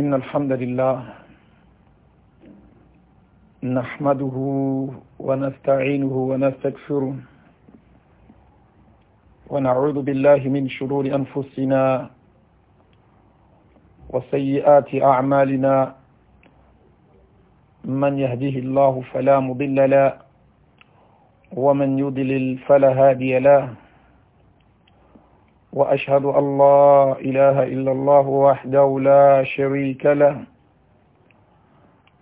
إن الحمد لله نحمده ونستعينه ونستكفره ونعوذ بالله من شرور أنفسنا وسيئات أعمالنا من يهده الله فلا مضل له ومن يضلل فلا هادي له وأشهد أن لا إله إلا الله وحده لا شريك له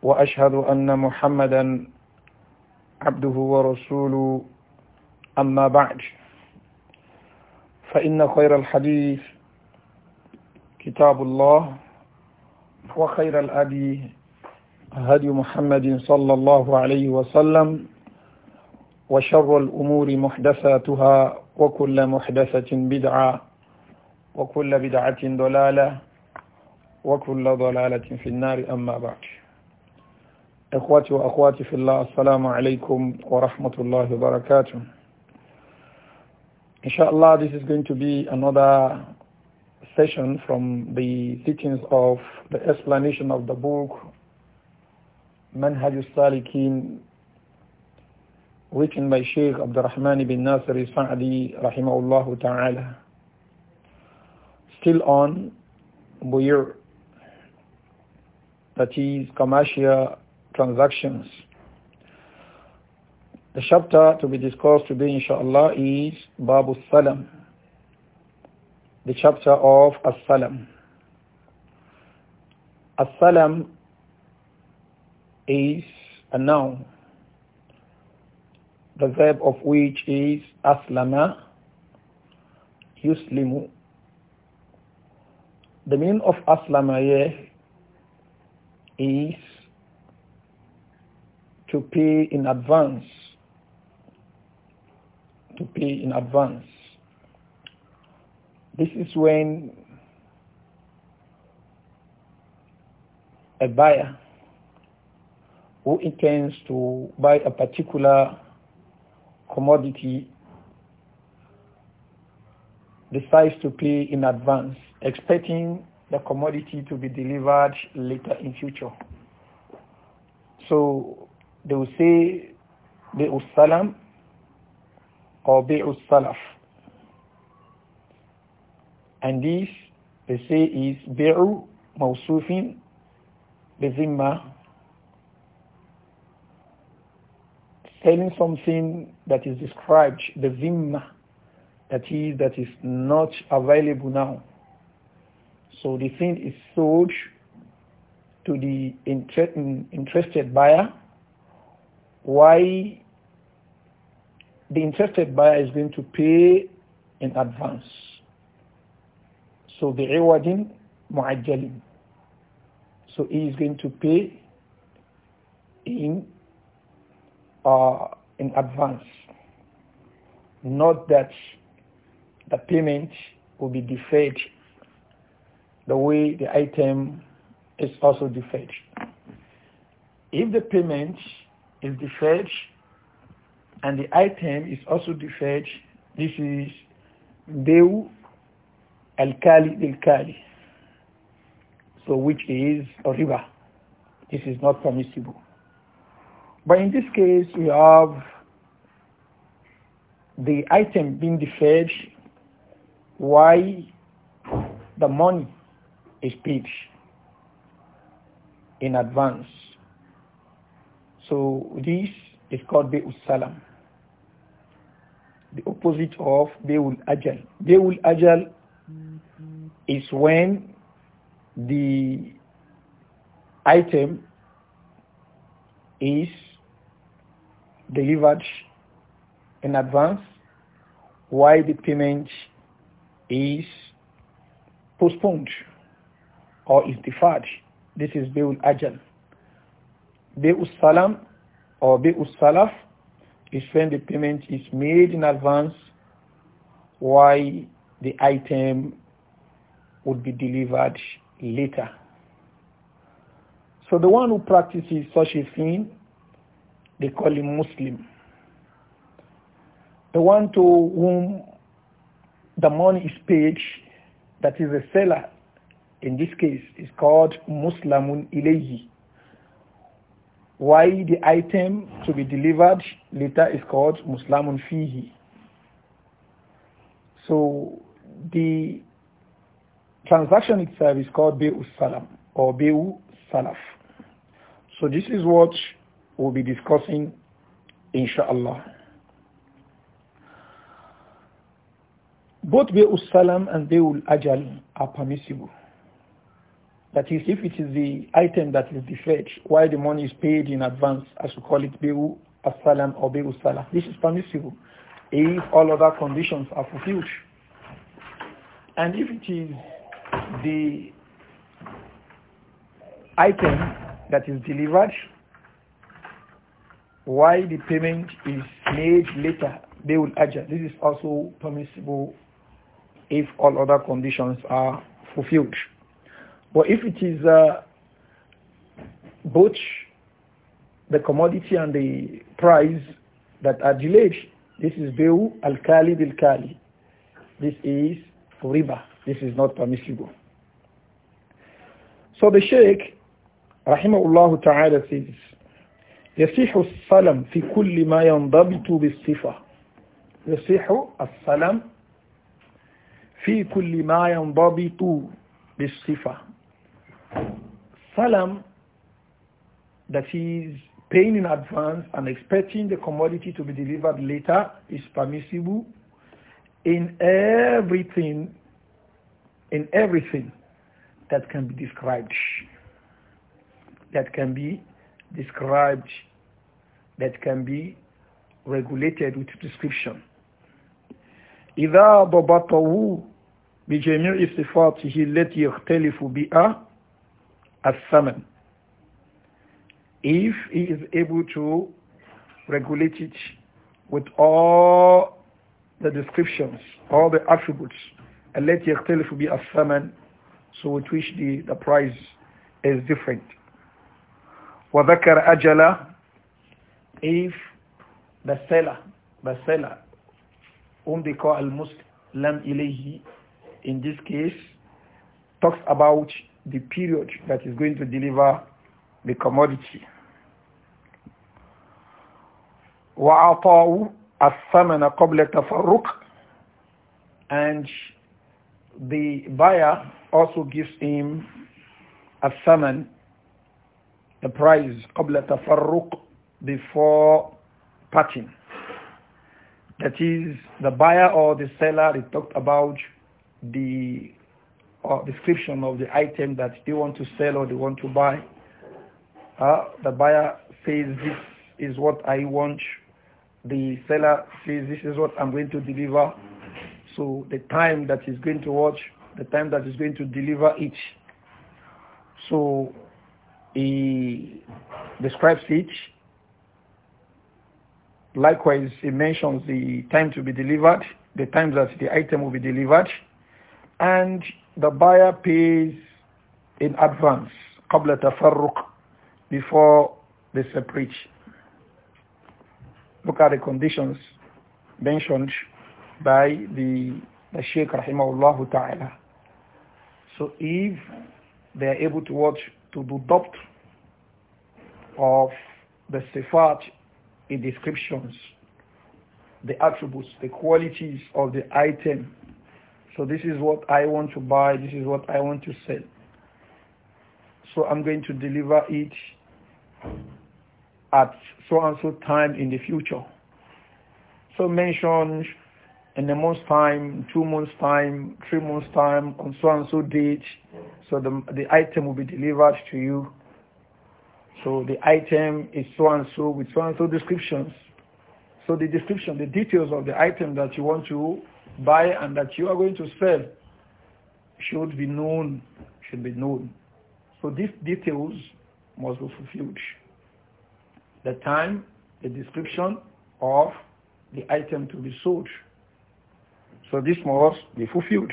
وأشهد أن محمدا عبده ورسوله أما بعد فإن خير الحديث كتاب الله وخير الأبي هدي محمد صلى الله عليه وسلم وشر الأمور محدثاتها وكل محدثة بدعة وكل بدعة ضلالة وكل ضلالة في النار أما بعد إخواتي وأخواتي في الله السلام عليكم ورحمة الله وبركاته Inshallah, this is going to be another session from the teachings of the explanation of the book Manhaj al-Salikin written by Sheikh Abdurrahman ibn Nasir Sa'di rahimahullah ta'ala. Still on Buyur, that is commercial transactions. The chapter to be discussed today inshallah is Babu Salam, the chapter of As-Salam. As-Salam is a noun the verb of which is aslama, yuslimu. The meaning of aslama here is to pay in advance. To pay in advance. This is when a buyer who intends to buy a particular commodity decides to pay in advance, expecting the commodity to be delivered later in future. So they will say Bi'us Salam or Bi'us Salaf. And this they say is Bi'u Mawsufin Bizimma telling something that is described, the zimma, that is, that is not available now. So the thing is sold to the inter interested buyer. Why the interested buyer is going to pay in advance. So the iwadin mu'ajjalin. So he is going to pay in uh, in advance. Not that the payment will be deferred the way the item is also deferred. If the payment is deferred and the item is also deferred, this is Deu Al-Kali Al-Kali. So which is a river. This is not permissible. But in this case, we have the item being deferred why the money is paid in advance. So this is called Be'ul Salam. The opposite of Be'ul Ajal. Be'ul Ajal is when the item is delivered in advance, why the payment is postponed or is deferred. This is Be'ul Ajal. Be'ul Salam or Be'ul Salaf is when the payment is made in advance why the item would be delivered later. So the one who practices such a thing they call him Muslim. The one to whom the money is paid, that is a seller, in this case, is called Muslimun ilehi. Why the item to be delivered later is called Muslimun Fihi. So the transaction itself is called Be'u Salam or Be'u Salaf. So this is what we'll be discussing inshallah. Both Be'ul Salam and Be'ul Ajal are permissible. That is, if it is the item that is deferred, why the money is paid in advance, as we call it Be'ul Salam or Be'ul Salah. This is permissible if all other conditions are fulfilled. And if it is the item that is delivered why the payment is made later, they will adjust. This is also permissible if all other conditions are fulfilled. But if it is uh, both the commodity and the price that are delayed, this is Beu al-Kali bil-Kali. This is riba. This is not permissible. So the Sheikh, rahimahullah ta'ala, says, al-Salam fi يصيح السلام في كل ما ينضبط بالصفة يصيح السلام في كل ما ينضبط sifa Salam, that is paying in advance and expecting the commodity to be delivered later, is permissible in everything, in everything that can be described, that can be described that can be regulated with prescription. إذا ضبطه بجميع صفاته التي يختلف بها الثمن if he is able to regulate it with all the descriptions, all the attributes, التي يختلف بها الثمن so with which the, the price is different. وذكر أجله if the seller, the seller, whom they call al-Muslim ilayhi, in this case, talks about the period that is going to deliver the commodity. وَأَعْطَاهُ الثَّمَنَ قَبْلَ تَفَرُّقٍ And the buyer also gives him a salmon the price قبل تفرق before parting. That is, the buyer or the seller, It talked about the uh, description of the item that they want to sell or they want to buy. Uh, the buyer says, this is what I want. The seller says, this is what I'm going to deliver. So the time that is going to watch, the time that is going to deliver it. So he describes it. Likewise, he mentions the time to be delivered, the time that the item will be delivered, and the buyer pays in advance, قبل تفرق, before they separate. Look at the conditions mentioned by the, the Sheikh Rahimahullah Ta'ala. So if they are able to watch to do doubt of the sifat in descriptions, the attributes, the qualities of the item. So this is what I want to buy, this is what I want to sell. So I'm going to deliver it at so and so time in the future. So mention in a month's time, two months' time, three months' time, on so and so date, so the, the item will be delivered to you. So the item is so and so with so and so descriptions. So the description, the details of the item that you want to buy and that you are going to sell should be known, should be known. So these details must be fulfilled. The time, the description of the item to be sold. So this must be fulfilled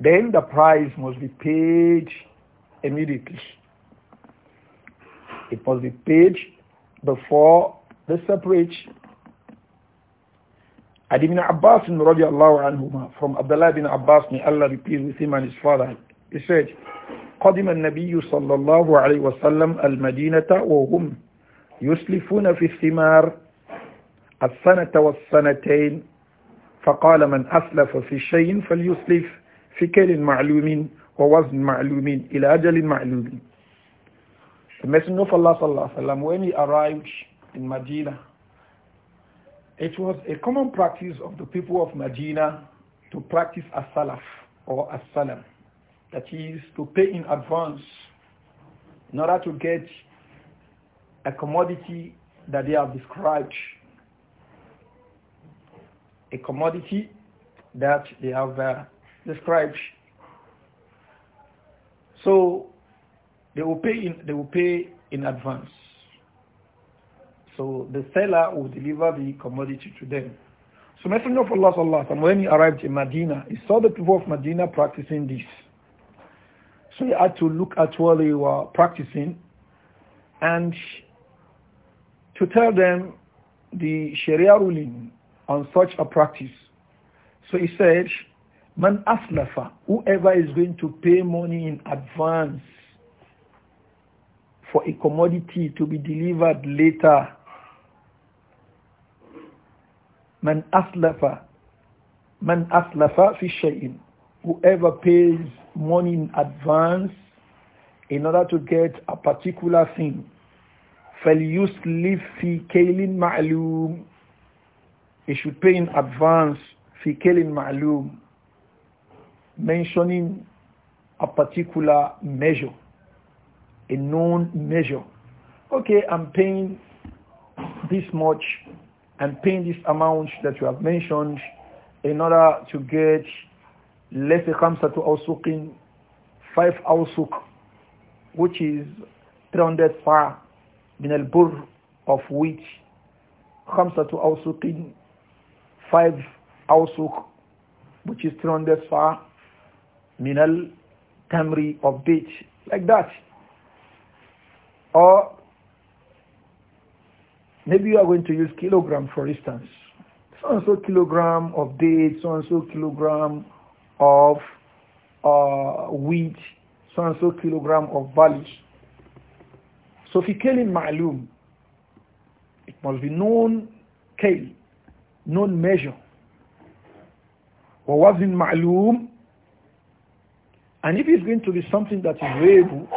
then the price must be paid immediately. It must be paid before the separate. And Ibn Abbas anhuma, from Abdullah bin Abbas, may Allah be pleased with him and his father, he said, قدم النبي صلى الله عليه وسلم المدينة وهم يسلفون في الثمار السنة والسنتين فقال من أسلف في شيء فليسلف في كيل معلوم ووزن معلوم إلى أجل معلوم The Messenger of Allah sallallahu alaihi wasallam when he arrived in Medina it was a common practice of the people of Medina to practice as-salaf or as-salam that is to pay in advance in order to get a commodity that they have described a commodity that they have uh, described. So they will pay in, they will pay in advance. So the seller will deliver the commodity to them. So Messenger of Allah sallallahu alaihi when he arrived in Medina, he saw the people of Medina practicing this. So he had to look at what they were practicing and to tell them the Sharia ruling on such a practice. So he said, Man aslafa, whoever is going to pay money in advance for a commodity to be delivered later. Man aslafa, man aslafa fi shay'in. Whoever pays money in advance in order to get a particular thing. فَلْيُسْلِفْ فِي كَيْلٍ مَعْلُومٍ He should pay in advance في كيل معلوم mentioning a particular measure, a known measure. Okay, I'm paying this much, I'm paying this amount that you have mentioned in order to get less, us khamsa to ausukin five ausuk, which is 300 fa min al bur of which khamsa to ausukin five ausuk, which is 300 fa minal tamri of date, like that. Or maybe you are going to use kilogram, for instance. So-and-so kilogram of date, so-and-so kilogram of uh, wheat, so-and-so kilogram of barley. So you kelin ma'lum, it must be known kale, known measure. in معلوم and if it's going to be something that is variable,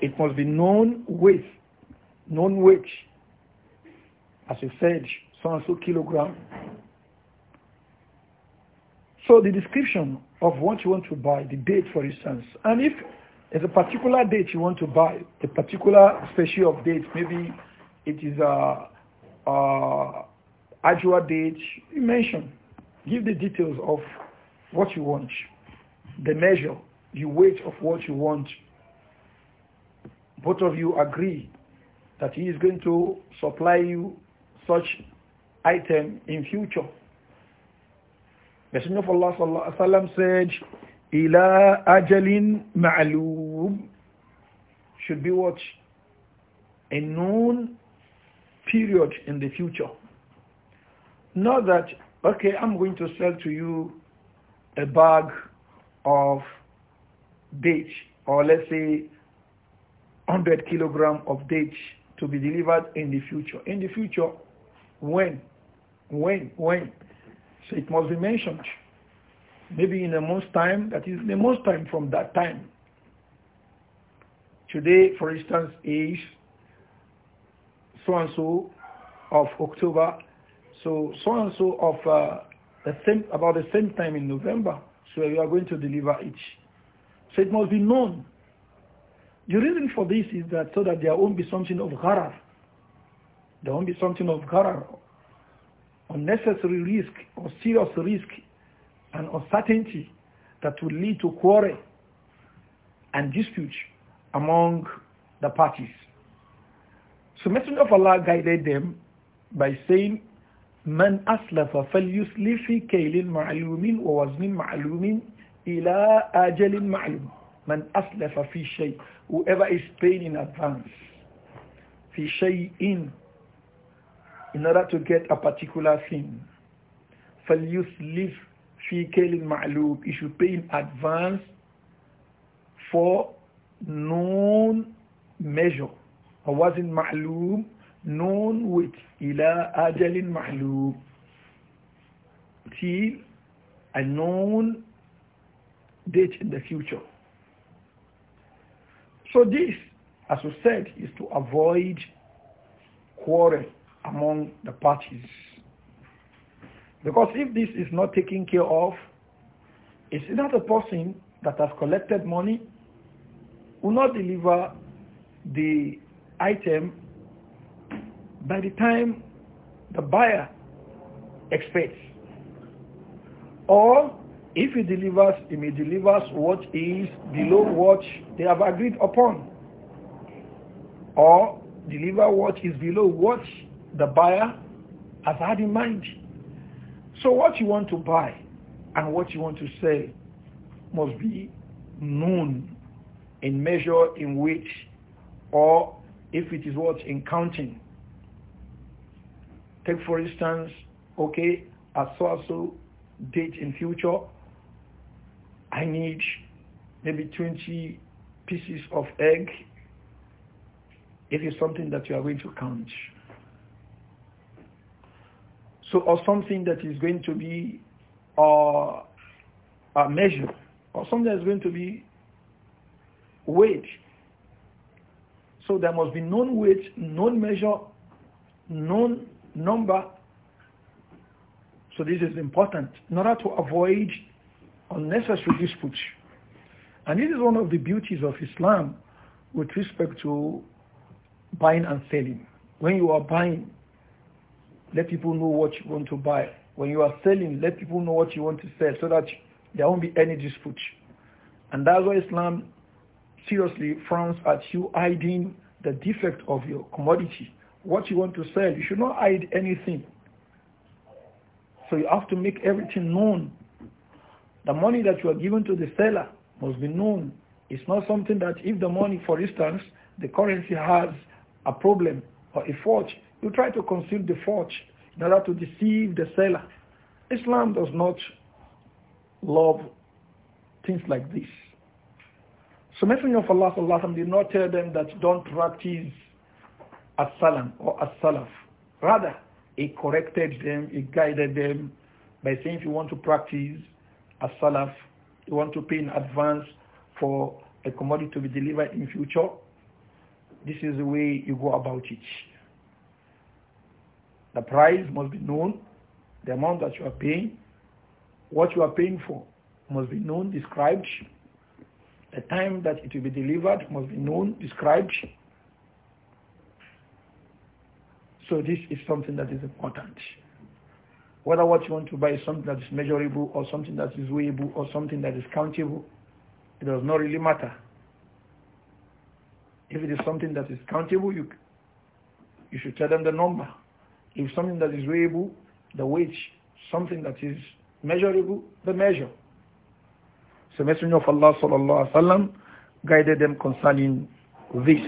it must be known weight, known weight. As you said, so and so kilogram. So the description of what you want to buy, the date for instance, and if there's a particular date you want to buy, a particular species of date, maybe it is a, a actual date, you mention, give the details of what you want, the measure, the weight of what you want. Both of you agree that he is going to supply you such item in future. Messenger of Allah sallallahu alaihi wasallam said, "Ila ajalin ma'lum." Should be what a known period in the future. Not that okay, I'm going to sell to you a bag of ditch or let's say 100 kilogram of ditch to be delivered in the future. In the future, when? When? When? So it must be mentioned. Maybe in a month's time, that is the most time from that time. Today, for instance, is so-and-so of October. So so-and-so of uh, the same, about the same time in November. So we are going to deliver each. So it must be known. The reason for this is that so that there won't be something of gharar. There won't be something of gharar, unnecessary risk or serious risk and uncertainty that will lead to quarrel and dispute among the parties. So Messenger of Allah guided them by saying, من أسلف فليسلف في ma'alumin wa ووزن ma'alumin." إلى أجل معلوم من aslafa في شيء whoever is paying in advance fi شيء in order to get a particular thing falyuslif في kaylin معلوم he should pay in advance for known measure or wasn't معلوم known with إلى أجل معلوم till a known date in the future. So this, as we said, is to avoid quarrel among the parties. Because if this is not taken care of, it's not a person that has collected money will not deliver the item by the time the buyer expects. Or if he delivers, he may deliver what is below what they have agreed upon. Or deliver what is below what the buyer has had in mind. So what you want to buy and what you want to sell must be known in measure in which or if it is what in counting. Take for instance, okay, a so-so date in future I need maybe 20 pieces of egg if it's something that you are going to count. So, or something that is going to be uh, a measure, or something that is going to be weight. So there must be known weight, known measure, known number. So this is important in order to avoid unnecessary dispute. And this is one of the beauties of Islam with respect to buying and selling. When you are buying, let people know what you want to buy. When you are selling, let people know what you want to sell so that there won't be any dispute. And that's why Islam seriously frowns at you hiding the defect of your commodity. What you want to sell, you should not hide anything. So you have to make everything known the money that you are given to the seller must be known. It's not something that if the money, for instance, the currency has a problem or a forge, you try to conceal the forge in order to deceive the seller. Islam does not love things like this. So Messenger of Allah sallallahu did not tell them that don't practice as-salam or as-salaf. Rather, he corrected them, he guided them by saying if you want to practice as-salaf, you want to pay in advance for a commodity to be delivered in future, this is the way you go about it. The price must be known, the amount that you are paying, what you are paying for must be known, described. The time that it will be delivered must be known, described. So this is something that is important. Whether what you want to buy is something that is measurable or something that is weighable or something that is countable, it does not really matter. If it is something that is countable, you, you should tell them the number. If something that is weighable, the weight. Something that is measurable, the measure. So Messenger of Allah sallallahu alaihi wasallam guided them concerning this.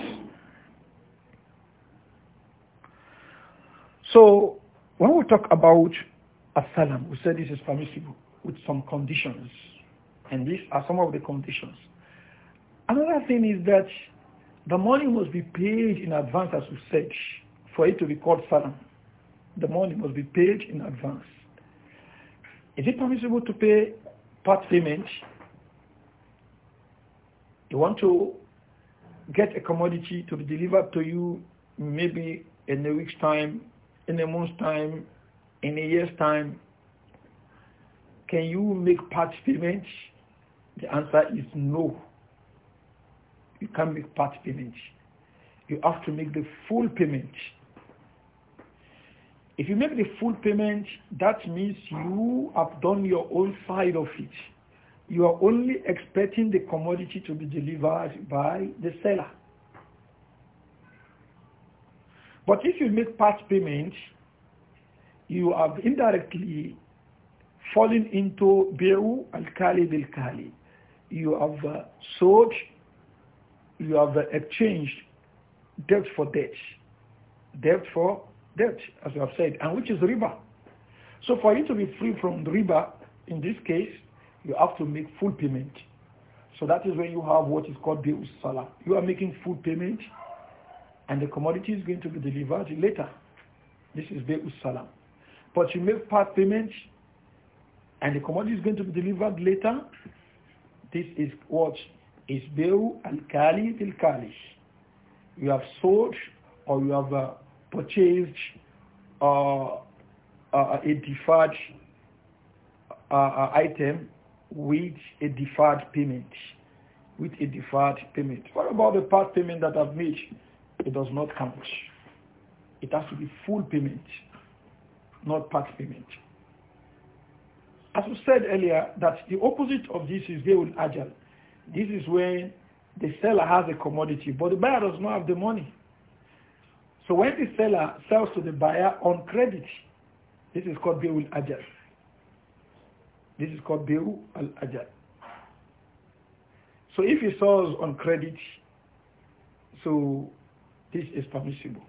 So when we talk about as-salam. We said this is permissible with some conditions. And these are some of the conditions. Another thing is that the money must be paid in advance, as we said, for it to be called salam. The money must be paid in advance. Is it permissible to pay part payment? You want to get a commodity to be delivered to you maybe in a week's time, in a month's time, in a year's time, can you make part payment? The answer is no. You can't make part payment. You have to make the full payment. If you make the full payment, that means you have done your own side of it. You are only expecting the commodity to be delivered by the seller. But if you make part payment, you have indirectly fallen into bi'u al-kali bil-kali. You have uh, sold, you have uh, exchanged debt for debt, debt for debt, as you have said, and which is riba. So for you to be free from riba, in this case, you have to make full payment. So that is when you have what is called bi'u salah. You are making full payment and the commodity is going to be delivered later. This is bi'u salam but you make part payment and the commodity is going to be delivered later, this is what is Beru al-Kali You have sold or you have uh, purchased uh, uh, a deferred uh, uh, item with a deferred payment. With a deferred payment. What about the part payment that I've made? It does not count. It has to be full payment not part payment. As we said earlier, that the opposite of this is very Ajal. This is when the seller has a commodity, but the buyer does not have the money. So when the seller sells to the buyer on credit, this is called Beul Ajal. This is called Beul Ajal. So if he sells on credit, so this is permissible.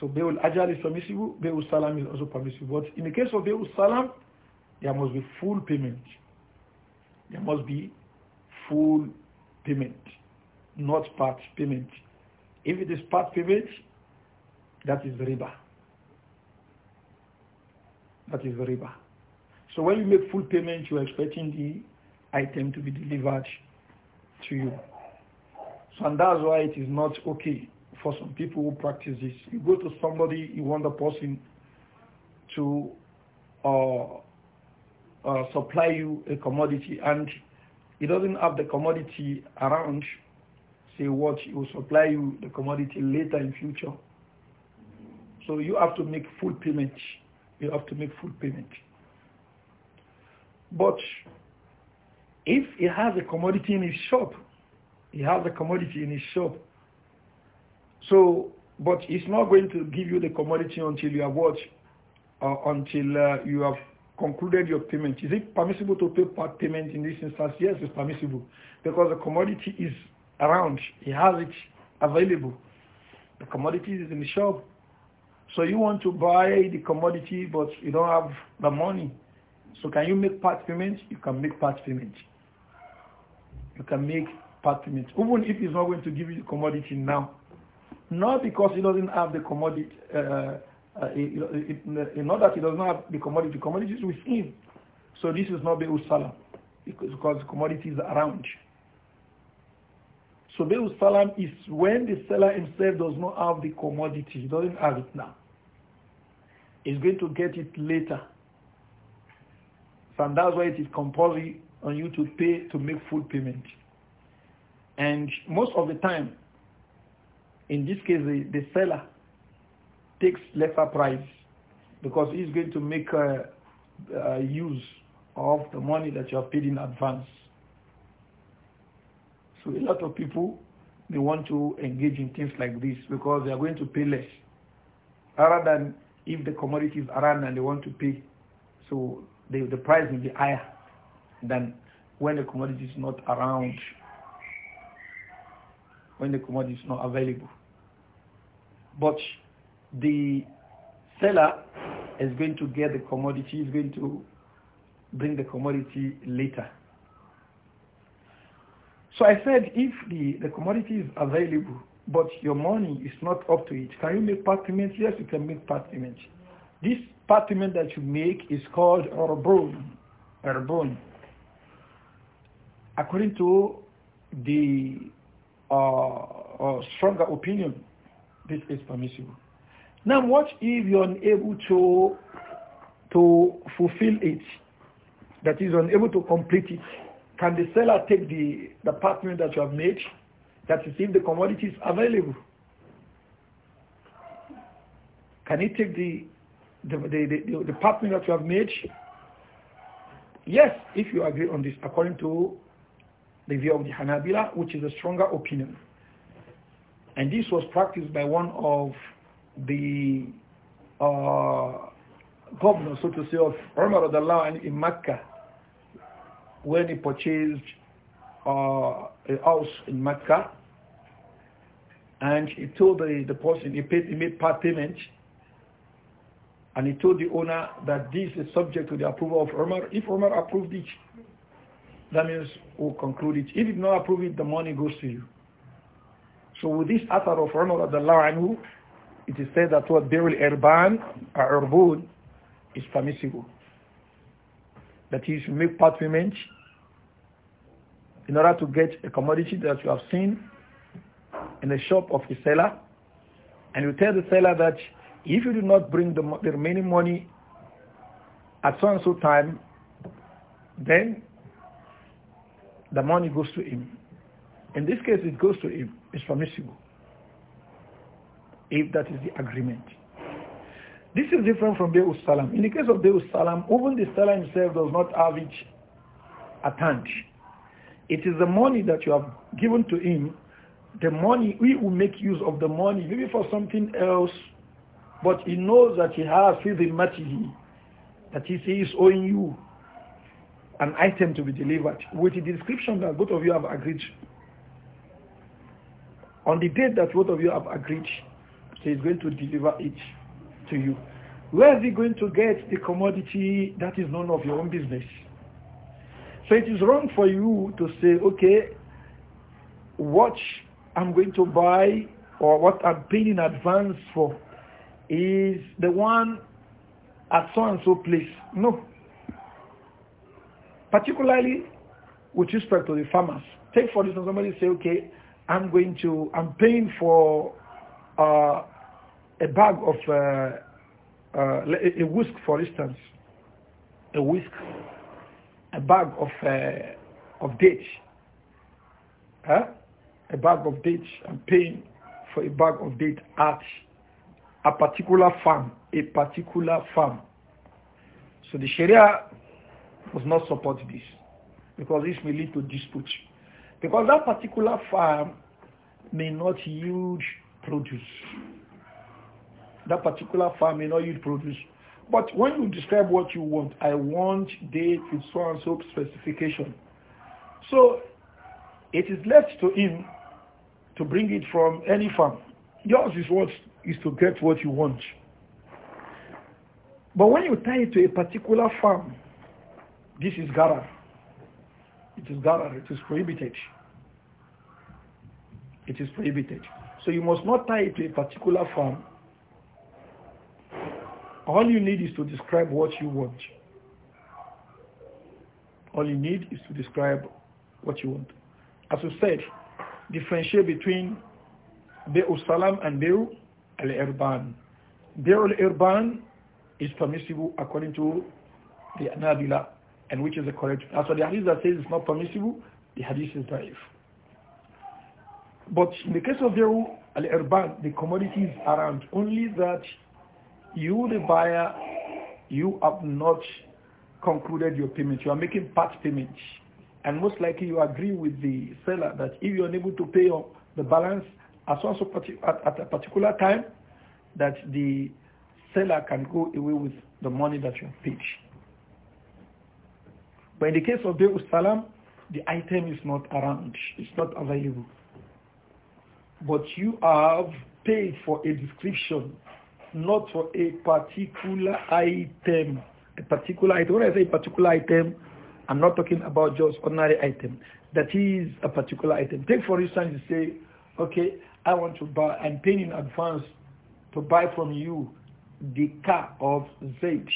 So Be'ul Ajal is permissible, Be'ul Salam is also permissible. But in the case of Be'ul Salam, there must be full payment. There must be full payment, not part payment. If it is part payment, that is riba. That is riba. So when you make full payment, you are expecting the item to be delivered to you. So and that's why it is not okay for some people who practice this. You go to somebody, you want the person to uh, uh, supply you a commodity and he doesn't have the commodity around, say what, he will supply you the commodity later in future. So you have to make full payment. You have to make full payment. But if he has a commodity in his shop, he has a commodity in his shop, so, but it's not going to give you the commodity until you have what? Uh, until uh, you have concluded your payment. Is it permissible to pay part payment in this instance? Yes, it's permissible because the commodity is around. He has it available. The commodity is in the shop. So you want to buy the commodity, but you don't have the money. So can you make part payment? You can make part payment. You can make part payment. Even if it's not going to give you the commodity now, not because he doesn't have the commodity, uh, uh, it, it, not that he does not have the commodity, commodities with him. So this is not the Salam, because, because commodity is around. So the Salam is when the seller himself does not have the commodity, he doesn't have it now. He's going to get it later. So that's why it is compulsory on you to pay to make full payment. And most of the time, in this case the, the seller takes lesser price because he's going to make use of the money that you have paid in advance. So a lot of people, they want to engage in things like this because they are going to pay less rather than if the commodity is around and they want to pay. So the, the price will be higher than when the commodity is not around when the commodity is not available. But the seller is going to get the commodity, is going to bring the commodity later. So I said, if the, the commodity is available, but your money is not up to it, can you make part payment? Yes, you can make part payment. This part payment that you make is called Arbon. Arbon. According to the uh, stronger opinion, this is permissible. Now, what if you're unable to to fulfill it? That is unable to complete it. Can the seller take the, the payment that you have made? That is if the commodity is available. Can he take the the, the, the, the payment that you have made? Yes, if you agree on this, according to the view of the Hanabila, which is a stronger opinion. And this was practiced by one of the uh, governors, so to say, of Umar in Makkah, when he purchased uh, a house in Makkah, And he told the, the person, he, paid, he made part payment and he told the owner that this is subject to the approval of Umar. If Umar approved it, that means we'll conclude it. If you not approve it, the money goes to you. So with this author of Umar anhu, it is said that what Birul Irban or Irbun is permissible. That is, you make part payment in order to get a commodity that you have seen in the shop of the seller and you tell the seller that if you do not bring the, the remaining money at so and so time, then the money goes to him. In this case, it goes to him. It's permissible. If that is the agreement. This is different from Be'us Salam. In the case of Be'us Salam, even the seller himself does not have it at hand. It is the money that you have given to him. The money, we will make use of the money, maybe for something else, but he knows that he has fizimatihi, that he is owing you an item to be delivered with the description that both of you have agreed. On the date that both of you have agreed, he is going to deliver it to you. Where is he going to get the commodity that is none of your own business? So it is wrong for you to say, okay, what I'm going to buy or what I'm paying in advance for is the one at so and so place. No, particularly with respect to the farmers. Take for instance, somebody say, okay, I'm going to, I'm paying for uh, a bag of, uh, uh, a whisk for instance, a whisk, a bag of, uh, of dates. Huh? A bag of dates, I'm paying for a bag of date at a particular farm, a particular farm. So the Sharia does not support this because this may lead to dispute. Because that particular farm may not yield produce. That particular farm may not yield produce. But when you describe what you want, I want date with so and so specification. So it is left to him to bring it from any farm. Yours is what is to get what you want. But when you tie it to a particular farm, this is garar. It is garar. It is prohibited. It is prohibited. So you must not tie it to a particular form. All you need is to describe what you want. All you need is to describe what you want. As we said, differentiate between Be'u Salam and Be'u Al-Irban. Be'u Al-Irban is permissible according to the Anabila and which is the correct. As for the hadith that says it's not permissible, the hadith is da'if. But in the case of the al-Irban, the commodities around, only that you, the buyer, you have not concluded your payment. You are making part payment. And most likely you agree with the seller that if you are unable to pay the balance as well at a particular time, that the seller can go away with the money that you have paid. But in the case of Be'us Salam, the item is not around, it's not available. But you have paid for a description, not for a particular item. A particular item, when I say a particular item, I'm not talking about just ordinary item. That is a particular item. Take for instance, you say, okay, I want to buy, I'm paying in advance to buy from you the car of Zeich.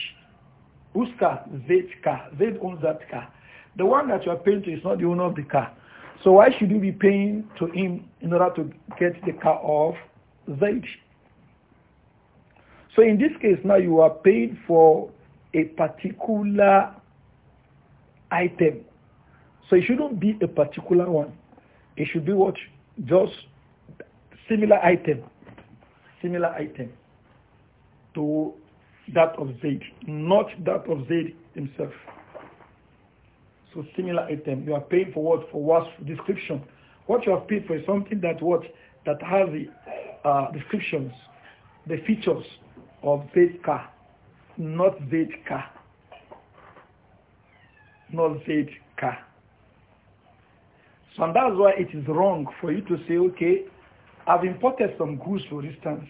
Whose car? Zaid's car. Zed owns that car. The one that you are paying to is not the owner of the car. So why should you be paying to him in order to get the car off Zed? So in this case now you are paying for a particular item. So it shouldn't be a particular one. It should be what? Just similar item. Similar item to that of Zaid, not that of Zaid himself. So similar item, you are paying for what? For what description. What you have paid for is something that what? That has the uh, descriptions, the features of Zaid car, not Zaid car. Not Zaid car. So and that's why it is wrong for you to say, okay, I've imported some goods, for instance,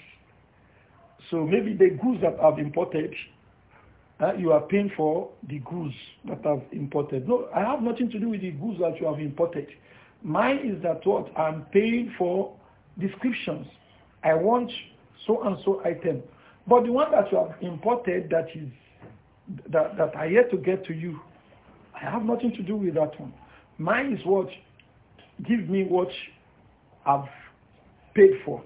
so maybe the goods that I've imported, uh, you are paying for the goods that I've imported. No, I have nothing to do with the goods that you have imported. Mine is that what I'm paying for descriptions. I want so and so item. But the one that you have imported that is that, that I yet to get to you, I have nothing to do with that one. Mine is what give me what I've paid for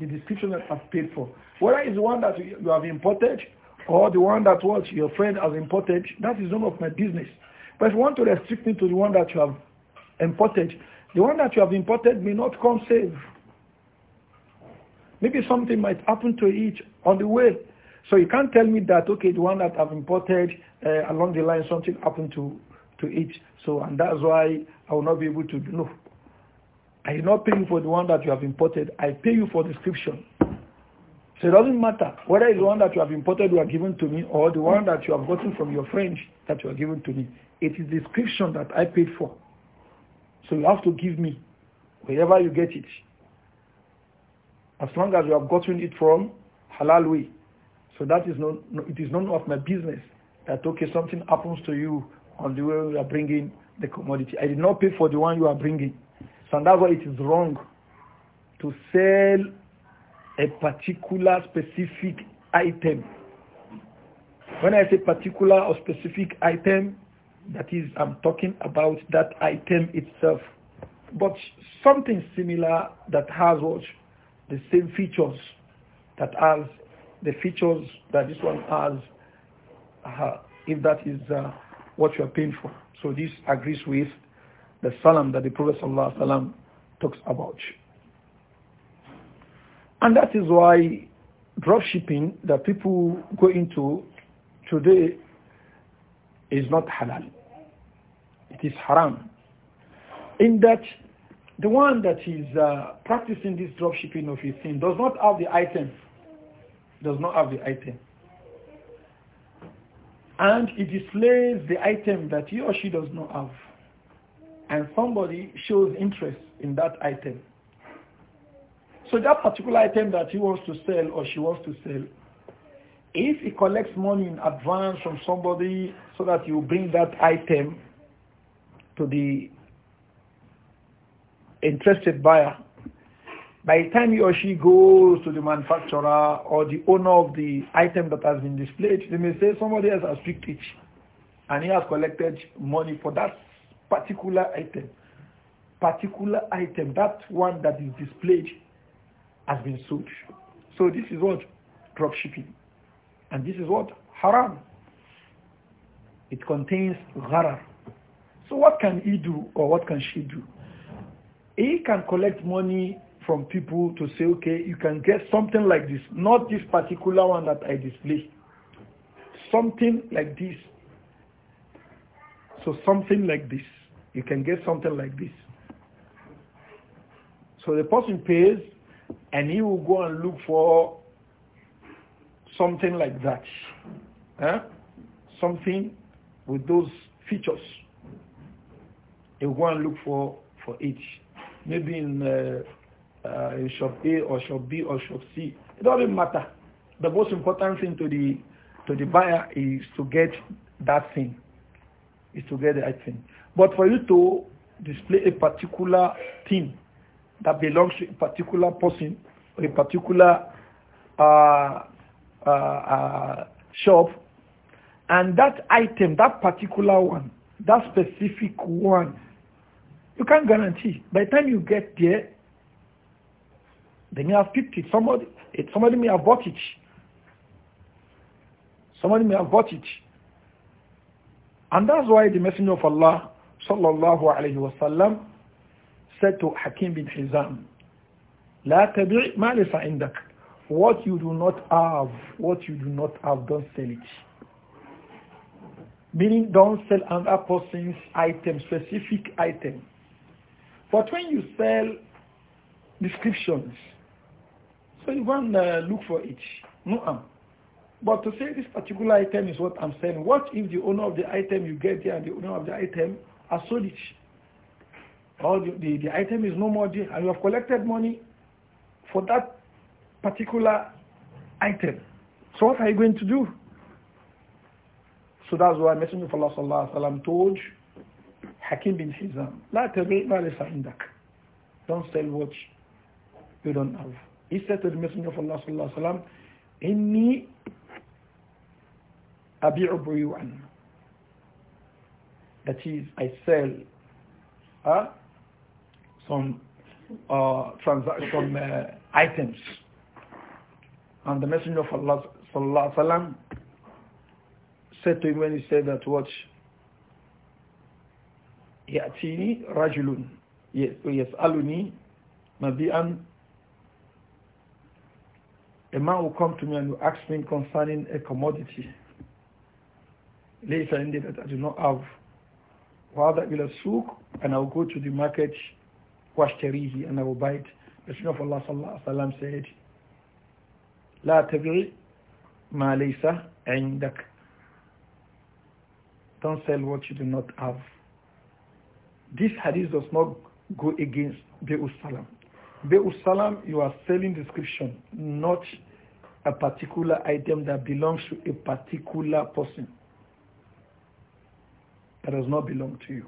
the description that I've paid for. Whether it's the one that you have imported or the one that was your friend has imported, that is none of my business. But if you want to restrict me to the one that you have imported, the one that you have imported may not come safe. Maybe something might happen to it on the way. So you can't tell me that, okay, the one that I've imported uh, along the line, something happened to, to it. So, and that's why I will not be able to, know. I did not pay you for the one that you have imported. I pay you for description. So it doesn't matter whether it's the one that you have imported you are given to me or the one that you have gotten from your friends that you are given to me. It is description that I paid for. So you have to give me wherever you get it. As long as you have gotten it from halal way. So that is no, it is none of my business that okay something happens to you on the way you are bringing the commodity. I did not pay for the one you are bringing. So that's why it is wrong to sell a particular specific item. When I say particular or specific item, that is, I'm talking about that item itself. But something similar that has what? The same features that has the features that this one has, uh, if that is uh, what you are paying for. So this agrees with the salam that the Prophet ﷺ talks about. And that is why dropshipping that people go into today is not halal. It is haram. In that the one that is uh, practicing this dropshipping of his thing does not have the item. Does not have the item. And he displays the item that he or she does not have and somebody shows interest in that item. So that particular item that he wants to sell or she wants to sell, if he collects money in advance from somebody so that you bring that item to the interested buyer, by the time he or she goes to the manufacturer or the owner of the item that has been displayed, they may say somebody else has picked it and he has collected money for that particular item. Particular item, that one that is displayed has been sold. So this is what? Drop shipping. And this is what? Haram. It contains gharar. So what can he do or what can she do? He can collect money from people to say, okay, you can get something like this, not this particular one that I display. Something like this. So something like this you can get something like this. So the person pays and he will go and look for something like that. Huh? Something with those features. He will go and look for, for each. Maybe in, uh, uh, in shop A or shop B or shop C. It doesn't matter. The most important thing to the, to the buyer is to get that thing. Is to get right thing. But for you to display a particular thing that belongs to a particular person or a particular uh, uh, uh, shop, and that item, that particular one, that specific one, you can't guarantee. By the time you get there, they may have picked it. Somebody, it, somebody may have bought it. Somebody may have bought it. And that's why the Messenger of Allah sallallahu alayhi wasallam said to Hakim bin Hizam, لا تبيع ما ليس عندك. What you do not have, what you do not have, don't sell it. Meaning don't sell another person's item, specific item. But when you sell descriptions, so you want to uh, look for it. No, um. But to say this particular item is what I'm selling, what if the owner of the item you get there and the owner of the item has sold it. Or the, the, the item is no more there and you have collected money for that particular item. So what are you going to do? So that's why Messenger of Allah sallallahu alaihi wasallam told Hakim bin Hizam, لا تبيع Don't sell what you don't have. He said to the Messenger of Allah sallallahu alaihi wasallam, إني أبيع بيوعا that is, I sell huh, some uh, some uh, items. And the Messenger of Allah sallallahu alaihi wasallam said to him when he said that, watch, يأتيني رجل يسألني مبيئا a man will come to me and will ask me concerning a commodity. Later indeed that I do not have وَهَذَا إِلَى السُّوقِ And I'll go to the market, وَاشْتَرِيهِ And I will buy it. Messenger of Allah sallallahu alayhi wa sallam said, لَا تَبِعِ مَا لَيْسَ عِنْدَكَ Don't sell what you do not have. This hadith does not go against Be'us Salam. Be'us Salam, you are selling description, not a particular item that belongs to a particular person that does not belong to you.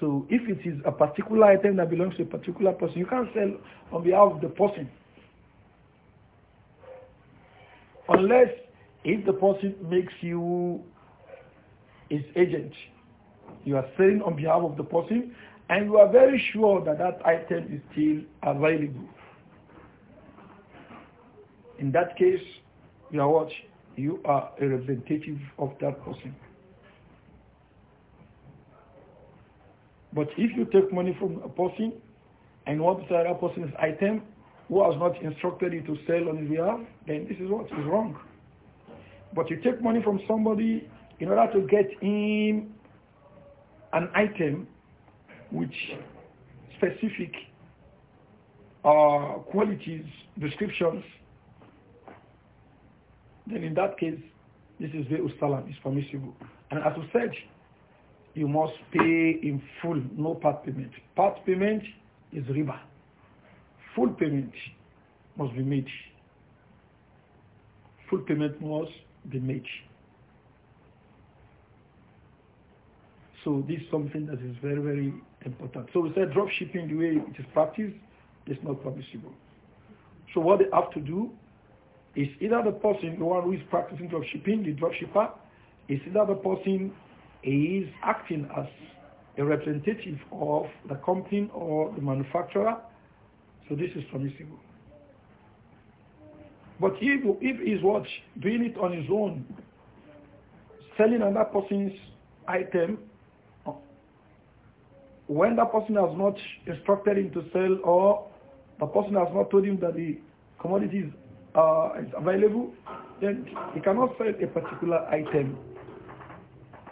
So if it is a particular item that belongs to a particular person, you can't sell on behalf of the person. Unless if the person makes you his agent, you are selling on behalf of the person and you are very sure that that item is still available. In that case, you are what? You are a representative of that person. But if you take money from a person and want to sell a person's item who has not instructed you to sell on his behalf, then this is what is wrong. But you take money from somebody in order to get him an item which specific uh, qualities, descriptions, then in that case, this is Ve'us Ustalam is permissible. And as we said, you must pay in full, no part payment. Part payment is riba. Full payment must be made. Full payment must be made. So this is something that is very, very important. So we said drop shipping the way it is practiced is not permissible. So what they have to do is either the person, the one who is practicing drop shipping, the drop shipper, is either the person he is acting as a representative of the company or the manufacturer, so this is permissible. But if, if he's what, doing it on his own, selling another person's item, when that person has not instructed him to sell or the person has not told him that the commodity uh, is available, then he cannot sell a particular item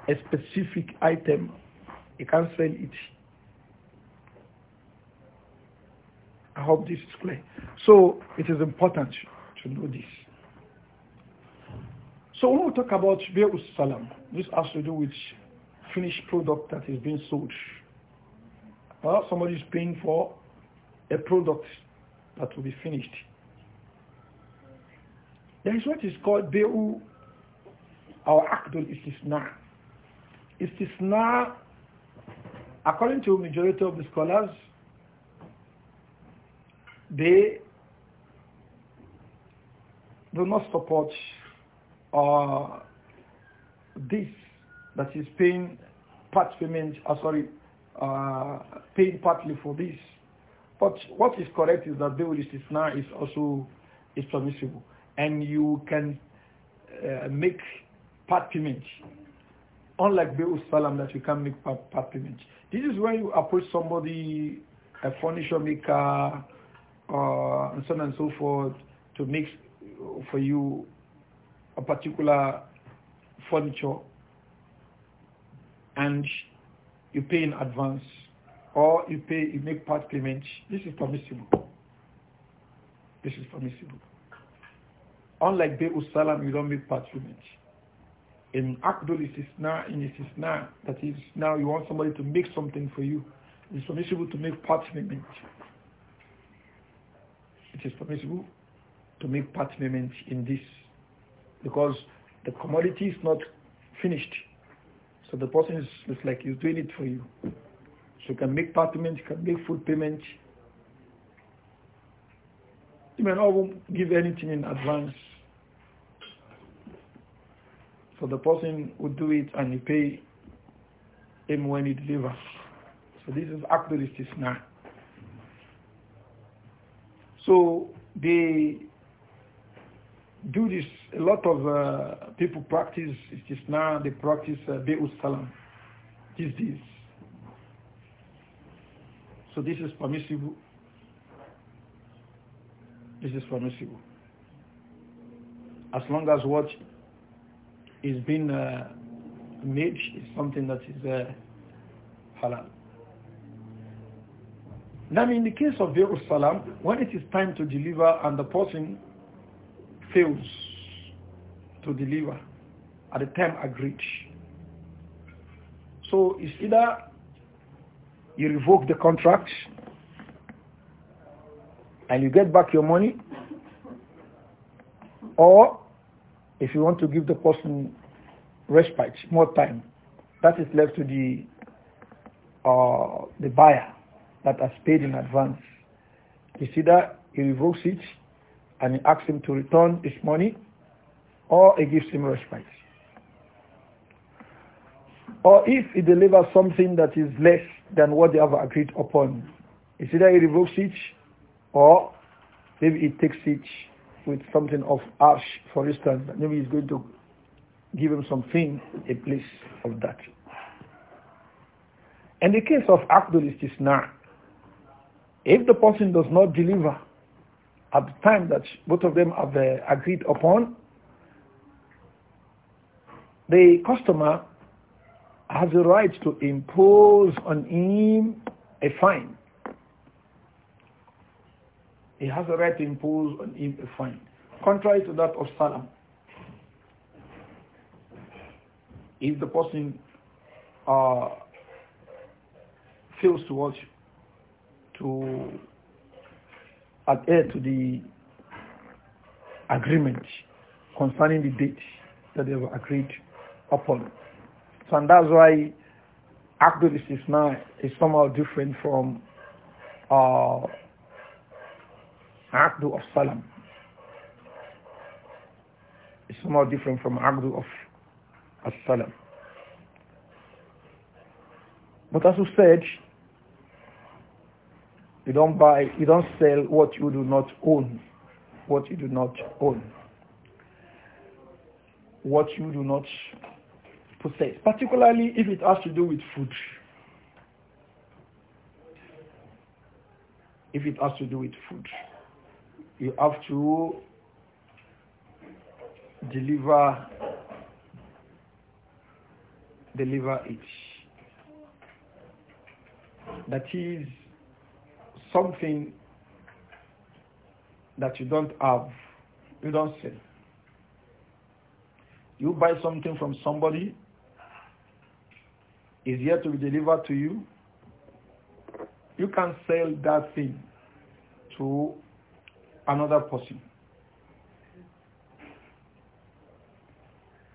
a specific item, you can't sell it. I hope this is clear. So it is important to know this. So when we talk about Be'us Salam, this has to do with finished product that is being sold. Well, somebody is paying for a product that will be finished. There is what is called Be'u or Akdul Istisna istisna, according to majority of the scholars, they do not support uh, this that is paying part payment, uh, sorry, uh, paying partly for this. But what is correct is that the istisna is also is permissible, and you can uh, make part payment Unlike Be'us Salam that you can make part payment. This is when you approach somebody, a furniture maker, uh, and so on and so forth, to make for you a particular furniture and you pay in advance or you pay you make part payment this is permissible this is permissible unlike Be'us Salam you don't make part payment in Akdul Istisna, in Istisna, that is now you want somebody to make something for you, it is permissible to make part payment. It is permissible to make part payment in this because the commodity is not finished. So the person is just like he's doing it for you. So you can make part payment, you can make food payment. You may not give anything in advance. So the person would do it and you pay him when he delivers. So this is Akdul Istisna. So they do this, a lot of uh, people practice Istisna, they practice uh, Salam This is. So this is permissible. This is permissible. As long as what is been uh, made is something that is uh, halal. Now in the case of Beirut Salam, when it is time to deliver and the person fails to deliver at the time agreed, so it's either you revoke the contract and you get back your money or if you want to give the person respite, more time, that is left to the uh, the buyer that has paid in advance. see either he revokes it and he asks him to return his money or he gives him respite. Or if he delivers something that is less than what they have agreed upon, it's either he revokes it or maybe he takes it with something of ash, for instance, maybe he's going to give him something, a place of that. In the case of Abdul Istisna, if the person does not deliver at the time that both of them have uh, agreed upon, the customer has a right to impose on him a fine he has a right to impose on him a fine, contrary to that of Salam. If the person uh, fails to watch, to adhere to the agreement concerning the date that they have agreed upon. So and that's why Akdul is not is somehow different from uh, Aqdu of Salam. It's somewhat different from Aqdu of As-Salam. But as we said, you don't buy, you don't sell what you do not own. What you do not own. What you do not possess. Particularly if it has to do with food. If it has to do with food you have to deliver deliver it. That is something that you don't have, you don't sell. You buy something from somebody, is yet to be delivered to you. You can sell that thing to another person.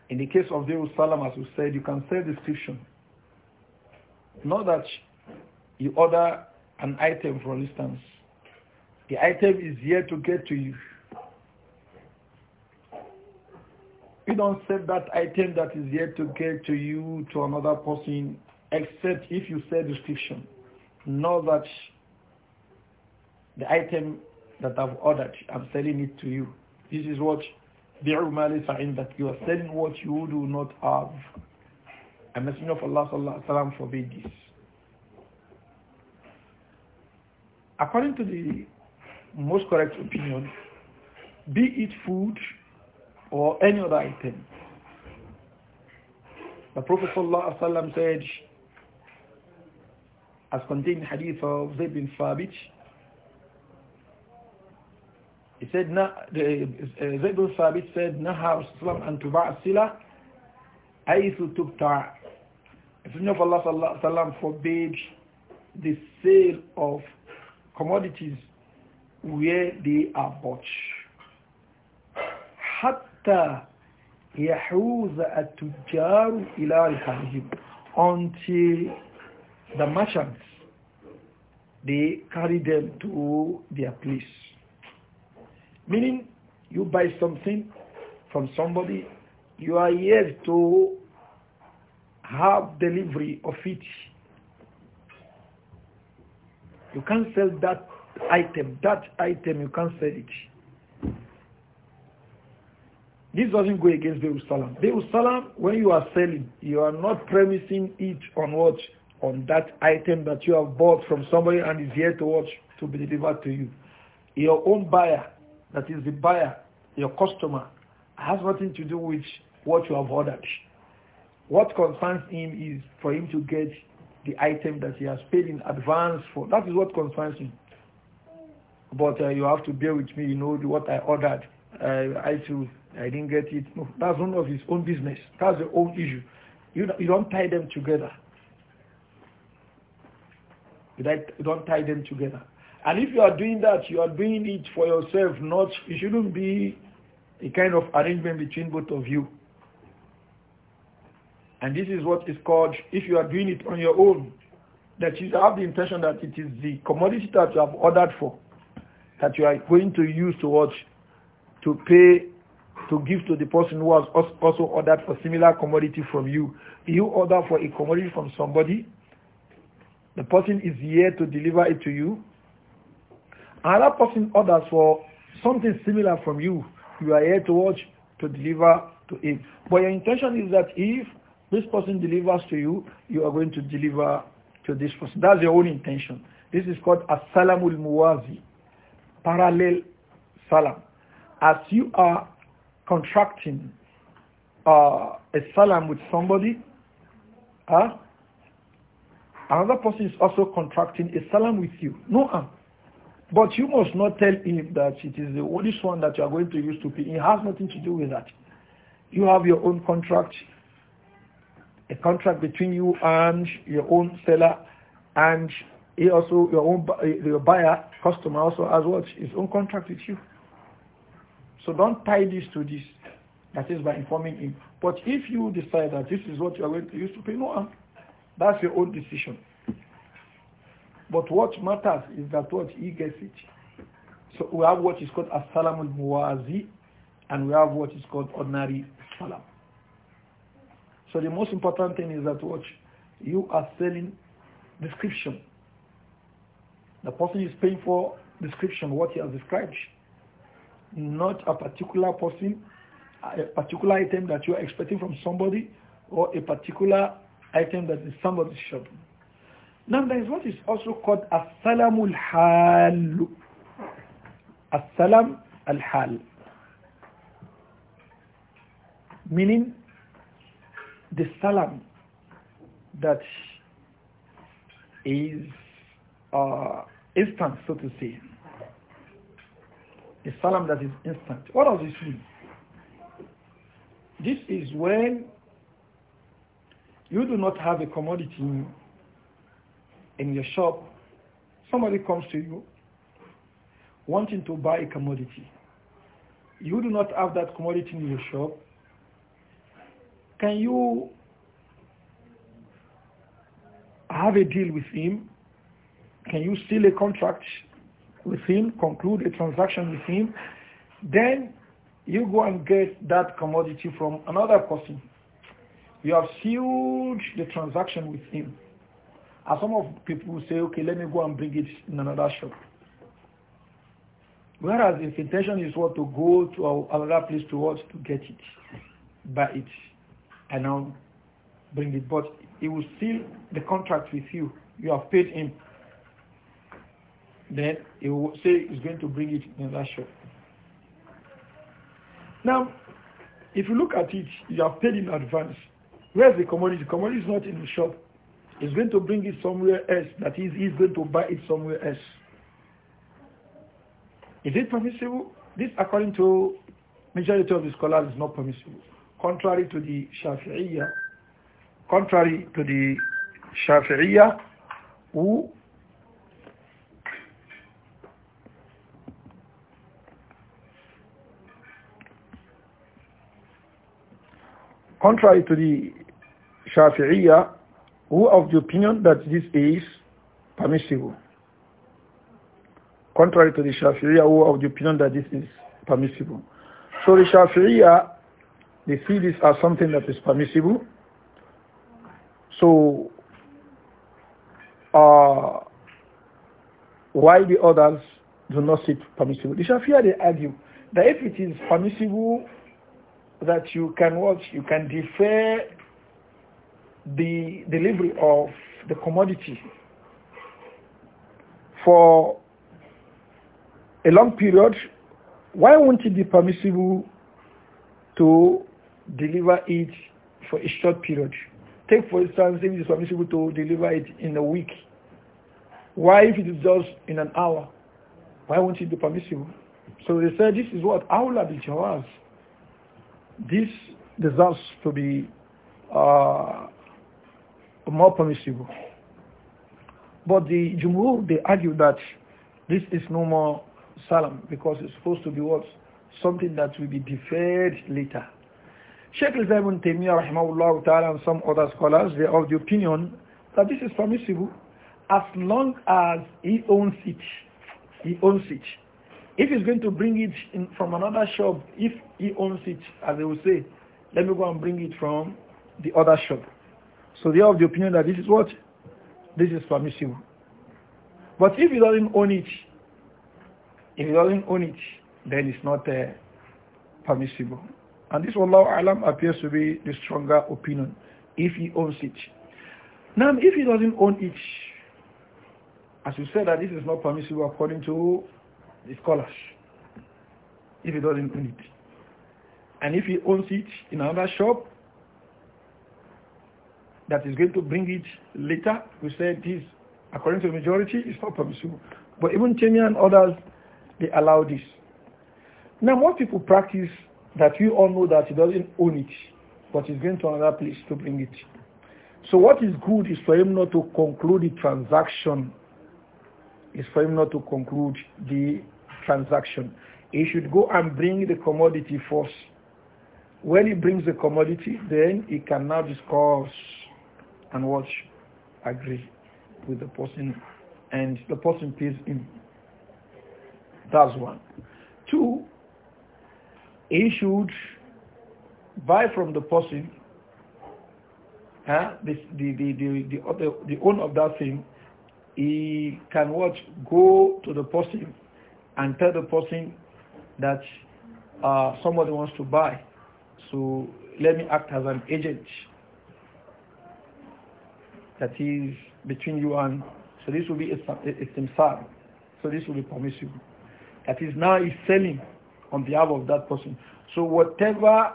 In the case of Deus Salam, as we said, you can say description. Not that you order an item, for instance. The item is here to get to you. You don't send that item that is here to get to you to another person, except if you say description. Now that the item that I've ordered. I'm selling it to you. This is what that you are selling what you do not have. A messenger of Allah sallallahu alaihi wasallam forbade this. According to the most correct opinion, be it food or any other item, the Prophet sallallahu said, as contained in hadith of Zayd bin Thabit, he said, uh, Zayd bin Thabit said, Naha Rasulullah an tuba' sila aythu If you know of Allah sallallahu sallam forbade the sale of commodities where they are bought. حتى يحوز التجار ila رحالهم until the merchants they carry them to their place. Meaning, you buy something from somebody, you are yet to have delivery of it. You can't sell that item. That item, you can't sell it. This doesn't go against Beirut Salam. Beirut Salam, when you are selling, you are not premising it on what? On that item that you have bought from somebody and is here to watch to be delivered to you. Your own buyer that is the buyer, your customer, has nothing to do with what you have ordered. What concerns him is for him to get the item that he has paid in advance for. That is what concerns him. But uh, you have to bear with me, you know, what I ordered. Uh, I too, I didn't get it. No, that's none of his own business. That's the own issue. You, you don't tie them together. You don't tie them together. And if you are doing that, you are doing it for yourself, not, it shouldn't be a kind of arrangement between both of you. And this is what is called, if you are doing it on your own, that you have the intention that it is the commodity that you have ordered for, that you are going to use to watch, to pay, to give to the person who has also ordered for similar commodity from you. You order for a commodity from somebody, the person is here to deliver it to you, another person orders for something similar from you, you are here to watch, to deliver to him. But your intention is that if this person delivers to you, you are going to deliver to this person. That's your own intention. This is called as-salamul muwazi, parallel salam. As you are contracting uh, a salam with somebody, huh? another person is also contracting a salam with you. No harm. But you must not tell him that it is the only one that you are going to use to pay. It has nothing to do with that. You have your own contract, a contract between you and your own seller, and he also your own eh, your buyer customer also has what his own contract with you. So don't tie this to this. That is by informing him. But if you decide that this is what you are going to use to pay, no, that's your own decision. But what matters is that what he gets it. So we have what is called as-salam al-muwazi and we have what is called ordinary salam. So the most important thing is that what you are selling description. The person is paying for description, what he has described, not a particular person, a particular item that you are expecting from somebody or a particular item that is somebody's shopping. Now there is what is also called as al hal. As-salam al-hal. Meaning the salam that is uh, instant, so to say. A salam that is instant. What does this mean? This is when you do not have a commodity in your shop, somebody comes to you wanting to buy a commodity. You do not have that commodity in your shop. Can you have a deal with him? Can you seal a contract with him, conclude a transaction with him? Then you go and get that commodity from another person. You have sealed the transaction with him. And some of people say, okay, let me go and bring it in another shop. Whereas his intention is what to go to another place to what to get it, buy it, and now bring it. But it will seal the contract with you. You have paid him. Then he will say he's going to bring it in that shop. Now, if you look at it, you have paid in advance. Where's the commodity? The commodity is not in the shop. He's going to bring it somewhere else. That is, he's going to buy it somewhere else. Is it permissible? This, according to majority of the scholars, is not permissible. Contrary to the Shafi'iyya, contrary to the Shafi'iyya, who contrary to the Shafi'iyya, who of the opinion that this is permissible. Contrary to the Shafi'iyah, who of the opinion that this is permissible. So the Shafi'iyah, they see this as something that is permissible. So, uh, why the others do not see it permissible? The Shafi'iyah, they argue that if it is permissible, that you can watch, you can defer the delivery of the commodity for a long period, why won't it be permissible to deliver it for a short period? Take, for instance, if it is permissible to deliver it in a week, why if it is just in an hour? Why won't it be permissible? So they said this is what Aula bi Jawaz. This deserves to be uh, more permissible. But the Jumhur, they argue that this is no more salam because it's supposed to be what? Something that will be deferred later. Sheikh Islam ibn Taymiyyah and some other scholars, they are of the opinion that this is permissible as long as he owns it. He owns it. If he's going to bring it in from another shop, if he owns it, as they will say, let me go and bring it from the other shop. So they are of the opinion that this is what? This is permissible. But if he doesn't own it, if he doesn't own it, then it's not uh, permissible. And this, Wallahu Alam, appears to be the stronger opinion if he owns it. Now, if he doesn't own it, as you said that this is not permissible according to the scholars, if he doesn't own it. And if he owns it in another shop, that is going to bring it later, we said this, according to the majority, is not permissible. But even Chemia and others, they allow this. Now, what people practice that you all know that he doesn't own it, but he's going to another place to bring it. So what is good is for him not to conclude the transaction. Is for him not to conclude the transaction. He should go and bring the commodity first. When he brings the commodity, then he can now discuss and what agree with the person and the person pays him. That's one. Two, he should buy from the person huh? the, the, the, the, the, the owner of that thing. He can what? Go to the person and tell the person that uh, somebody wants to buy. So let me act as an agent that is between you and so this will be istimsar so this will be permissible that is now is selling on behalf of that person so whatever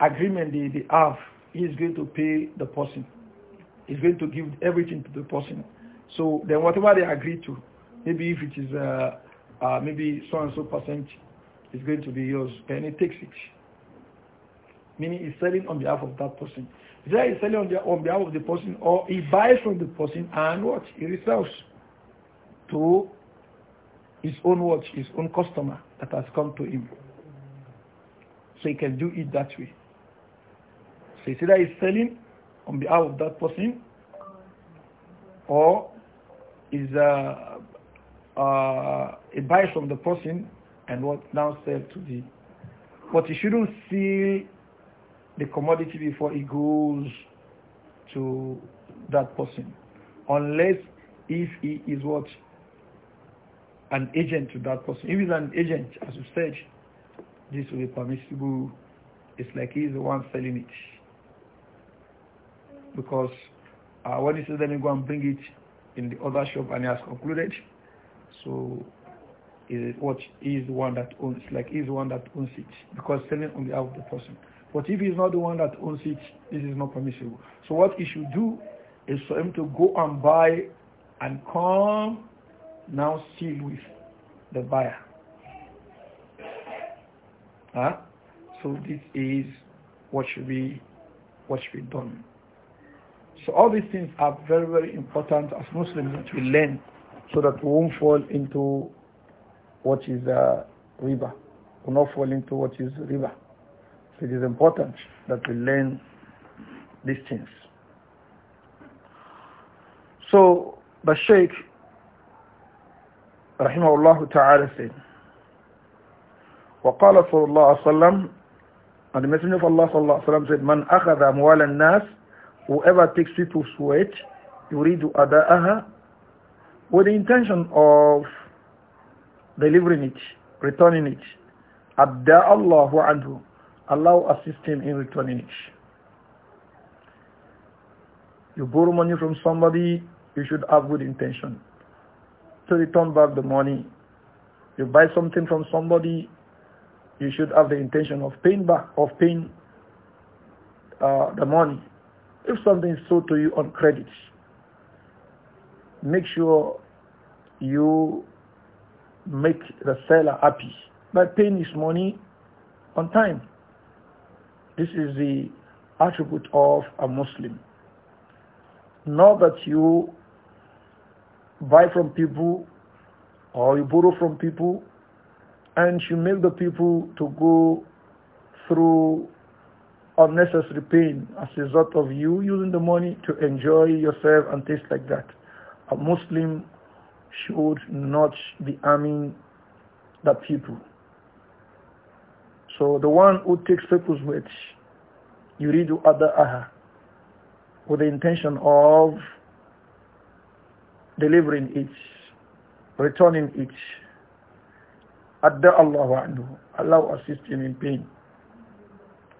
agreement they, they have he is going to pay the person he's going to give everything to the person so then whatever they agree to maybe if it is uh, uh, maybe so and so percent is going to be yours and he takes it meaning he's selling on behalf of that person is selling on, the, on behalf of the person or he buys from the person and what? He resells to his own watch, his own customer that has come to him. So he can do it that way. So it's either he's selling on behalf of that person or is uh, uh, buys from the person and what now sell to the but you shouldn't see the commodity before it goes to that person. Unless if he is what? An agent to that person. If he's an agent, as you said, this will be permissible. It's like he's the one selling it. Because uh, when he says then me go and bring it in the other shop and he has concluded, so is what is the one that owns, like is the one that owns it because selling on behalf of the person. But if he's not the one that owns it, this is not permissible. So what he should do is for him to go and buy and come now seal with the buyer. Huh? So this is what should be what should be done. So all these things are very, very important as Muslims that we learn so that we won't fall into what is uh, riba. We'll not fall into what a river. we will not fall into whats river. It is important that we learn these things. So the Sheikh, rahimahullah ta'ala, said, وقال صلى الله عليه وسلم and the Messenger of Allah صلى الله عليه وسلم said من أخذ أموال الناس whoever takes people's wealth يريد أداءها with the intention of delivering it returning it أداء الله عنه Allow a assist him in returning it. You borrow money from somebody, you should have good intention to return back the money. You buy something from somebody, you should have the intention of paying back, of paying uh, the money. If something is sold to you on credit, make sure you make the seller happy by paying his money on time. This is the attribute of a Muslim. Not that you buy from people or you borrow from people and you make the people to go through unnecessary pain as a result of you using the money to enjoy yourself and things like that. A Muslim should not be harming the people. So the one who takes people's words, yuridu aha, with the intention of delivering it, returning it, adda Allahu anhu, Allah assist him in pain,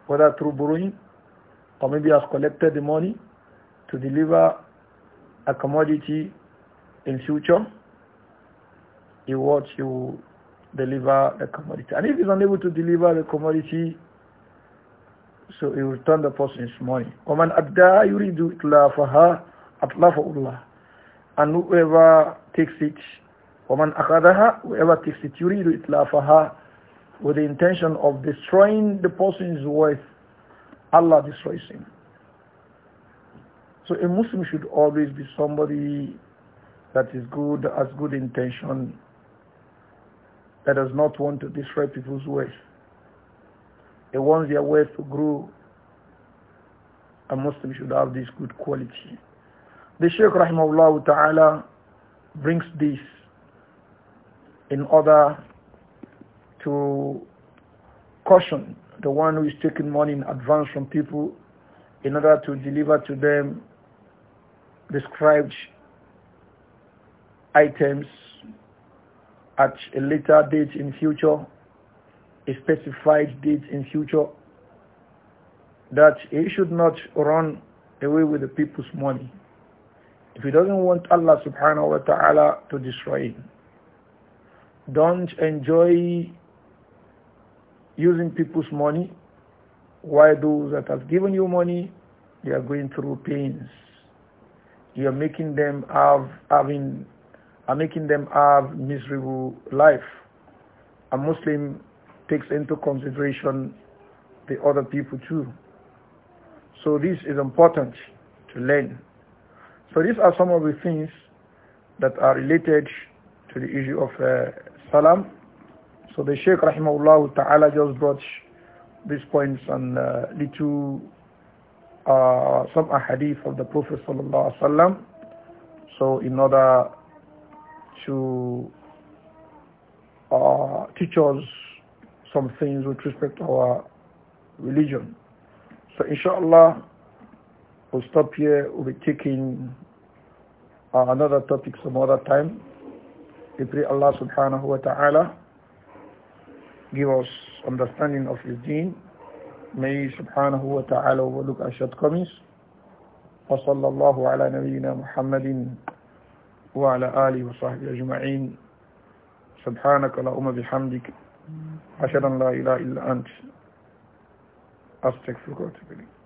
whether through borrowing, or maybe has collected the money to deliver a commodity in future, he what you deliver the commodity. And if he's unable to deliver the commodity, so he will return the person's money. وَمَنْ أَدَّى يُرِيدُ إِطْلَافَهَا أَطْلَافَ اللَّهِ And whoever takes it, وَمَنْ أَخَذَهَا Whoever takes it, يُرِيدُ إِطْلَافَهَا With the intention of destroying the person's worth, Allah destroys him. So a Muslim should always be somebody that is good, has good intention, that does not want to destroy people's wealth. He wants their wealth to grow. A Muslim should have this good quality. The Shaykh Rahimahullah Ta'ala brings this in order to caution the one who is taking money in advance from people in order to deliver to them described items at a later date in future, a specified date in future, that he should not run away with the people's money if he doesn't want Allah subhanahu wa ta'ala to destroy him. Don't enjoy using people's money Why those that have given you money, they are going through pains. You are making them have having are making them have miserable life. A Muslim takes into consideration the other people too. So this is important to learn. So these are some of the things that are related to the issue of uh, salam. So the Shaykh rahimahullah ta'ala just brought these points and uh, little uh, some ahadith of the Prophet sallallahu alaihi wasallam. So in order to uh, teach us some things with respect to our religion. So inshallah, we'll stop here. We'll be taking uh, another topic some other time. We pray Allah subhanahu wa ta'ala give us understanding of his deen. May subhanahu wa ta'ala overlook our shortcomings. وصلى الله على نبينا محمد وعلى آله وصحبه أجمعين سبحانك اللهم بحمدك أشهد أن لا إله إلا أنت أستغفرك وأتوب إليك